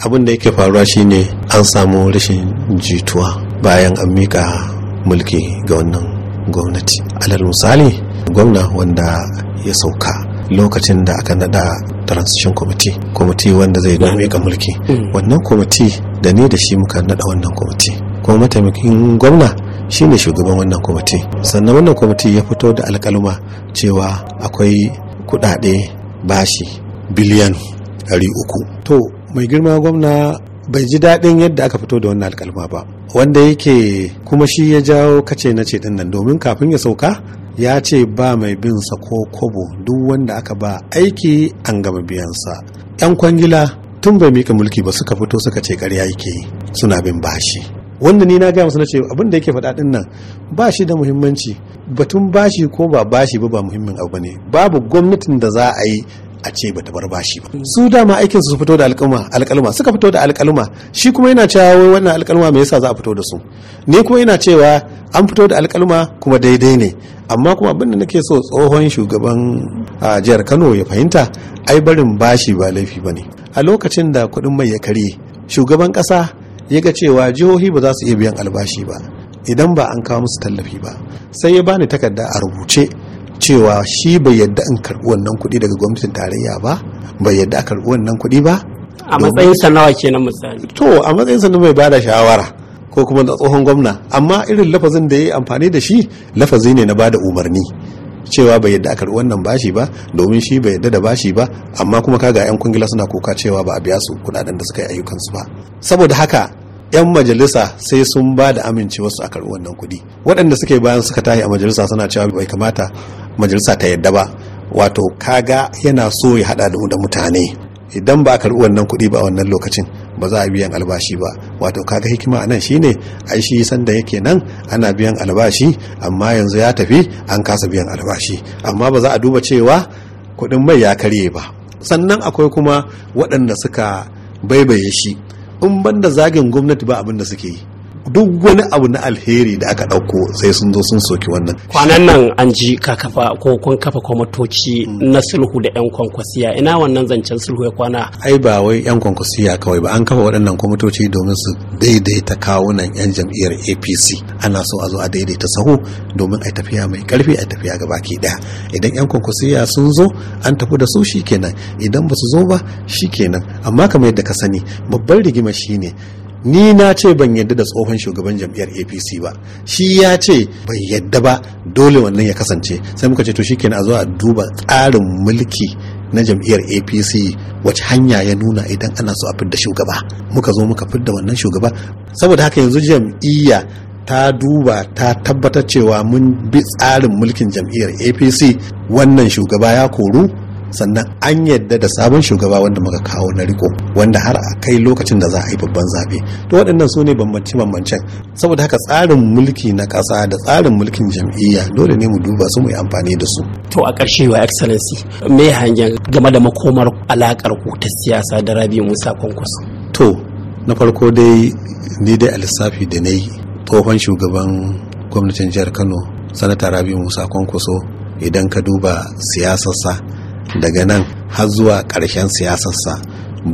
abin da yake faruwa shine an samu rashin jituwa bayan an mika mulki ga wannan gwamnati alal misali gwamna wanda ya sauka lokacin da aka nada transition committee kwamiti wanda zai dame ga mulki mm. wannan kwamiti da ni da shi muka nada wannan kwamiti kuma mataimakin gwamna shine shugaban wannan kwamiti sannan wannan kwamiti ya fito da alkaluma cewa akwai kudade bashi biliyan 300 to mai girma gwamna bai ji daɗin yadda aka fito da wannan alkalma ba wanda yake kuma shi ya jawo kace na ce dinnan domin kafin ya sauka ya ce ba mai bin sa ko kobo duk wanda aka ba aiki an gama biyansa yan kwangila tun bai mika mulki ba suka fito suka ce ƙarya yake suna bin bashi wanda ni na gaya masu na ce abin da yake faɗa nan ba shi da muhimmanci batun bashi ko ba bashi ba ba muhimmin abu ne babu gwamnatin da za a yi a ce bata bar bashi ba su dama aikin su fito da alƙalma alƙalma suka fito da alƙalma shi kuma yana cewa wai wannan alƙalma me yasa za a fito da su ni kuma yana cewa an fito da alƙalma kuma daidai ne amma kuma abin da nake so tsohon shugaban jihar Kano ya fahimta ai barin bashi ba laifi ba ne. a lokacin da kuɗin mai ya karye shugaban ƙasa ya ga cewa jihohi ba za su iya biyan albashi ba idan ba an kawo musu tallafi ba sai ya bani takarda a rubuce cewa shi bai yadda an karɓi wannan kuɗi daga gwamnatin tarayya ba bai yadda a karɓi wannan kuɗi ba a matsayin sanawa kenan misali to a matsayin sanawa mai bada shawara ko kuma da tsohon gwamna amma irin lafazin da ya yi amfani da shi lafazi ne na bada umarni cewa bai yadda a karɓi wannan bashi ba domin shi bai yadda da bashi ba amma kuma kaga yan kungila suna kuka cewa ba a biya su kuɗaɗen da suka yi ayyukansu ba saboda haka 'yan majalisa sai sun ba da amincewa su a karɓi wannan kuɗi waɗanda suke bayan suka tahi a majalisa suna cewa bai kamata majalisa ta yadda ba wato kaga yana so ya haɗa da mutane idan ba a karɓi wannan kuɗi ba a wannan lokacin ba za a biyan albashi ba wato kaga hikima a nan shine ai shi sanda yake nan ana biyan albashi amma yanzu ya tafi an kasa biyan albashi amma ba za a duba cewa kuɗin mai ya karye ba sannan akwai kuma waɗanda suka baibaye shi in banda zagin gwamnati ba abin da suke yi duk wani abu na alheri da aka ɗauko sai sun zo sun soki wannan kwanan nan an ji ka kafa ko kun kafa kwamatoci na sulhu da yan kwankwasiya ina wannan zancen sulhu ya kwana ai ba wai yan kwankwasiya kawai ba an kafa waɗannan kwamatoci domin su daidaita kawunan yan jam'iyyar apc ana so a zo a daidaita sahu domin a tafiya mai karfi a tafiya ga baki ɗaya idan yan kwankwasiya sun zo an tafi da su shikenan idan ba su zo ba shikenan amma kamar yadda ka sani babbar rigima shine ni na ce ban yadda da tsohon shugaban jam'iyyar apc ba shi ya ce ban yadda ba dole wannan ya kasance sai muka ce to shikenan a zo a duba tsarin mulki na jam'iyyar apc wacce hanya ya nuna idan ana so a fidda shugaba muka zo muka fidda wannan shugaba saboda haka yanzu jam'iyya ta duba ta tabbatar cewa mun bi tsarin mulkin jam'iyyar apc wannan shugaba ya koru sannan an yadda da sabon shugaba wanda muka kawo na riko wanda har a kai lokacin da za a yi babban zaɓe to waɗannan su ne bambance bambancen saboda haka tsarin mulki na ƙasa da tsarin mulkin jam'iyya dole ne mu duba su mu yi amfani da su to a ƙarshe wa excellency me hangen game da makomar alaƙar ku ta siyasa da rabi musa kwankwaso to na farko dai ni dai a lissafi da na tsohon shugaban gwamnatin jihar kano sanata rabi musa kwankwaso idan ka duba siyasarsa daga nan har zuwa ƙarshen siyasarsa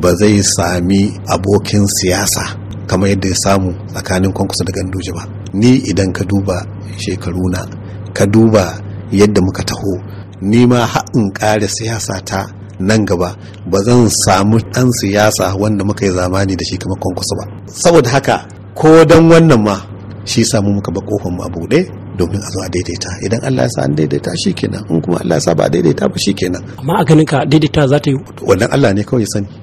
ba zai sami abokin siyasa kamar yadda ya samu tsakanin kwankwasa da ganduje ba ni idan ka duba shekaru na ka duba yadda muka taho ni ma haɗin ƙare siyasa ta nan gaba ba zan samu ɗan siyasa wanda muka yi zamani da shi kamar kwankwasa ba saboda haka ko don wannan ma shi samu muka ba kofar mu a buɗe domin a zo a daidaita idan Allah ya sa an daidaita shikenan in kuma Allah ya sa ba daidaita ba shikenan amma a ganin ka daidaita za ta yi wannan Allah ne kawai sani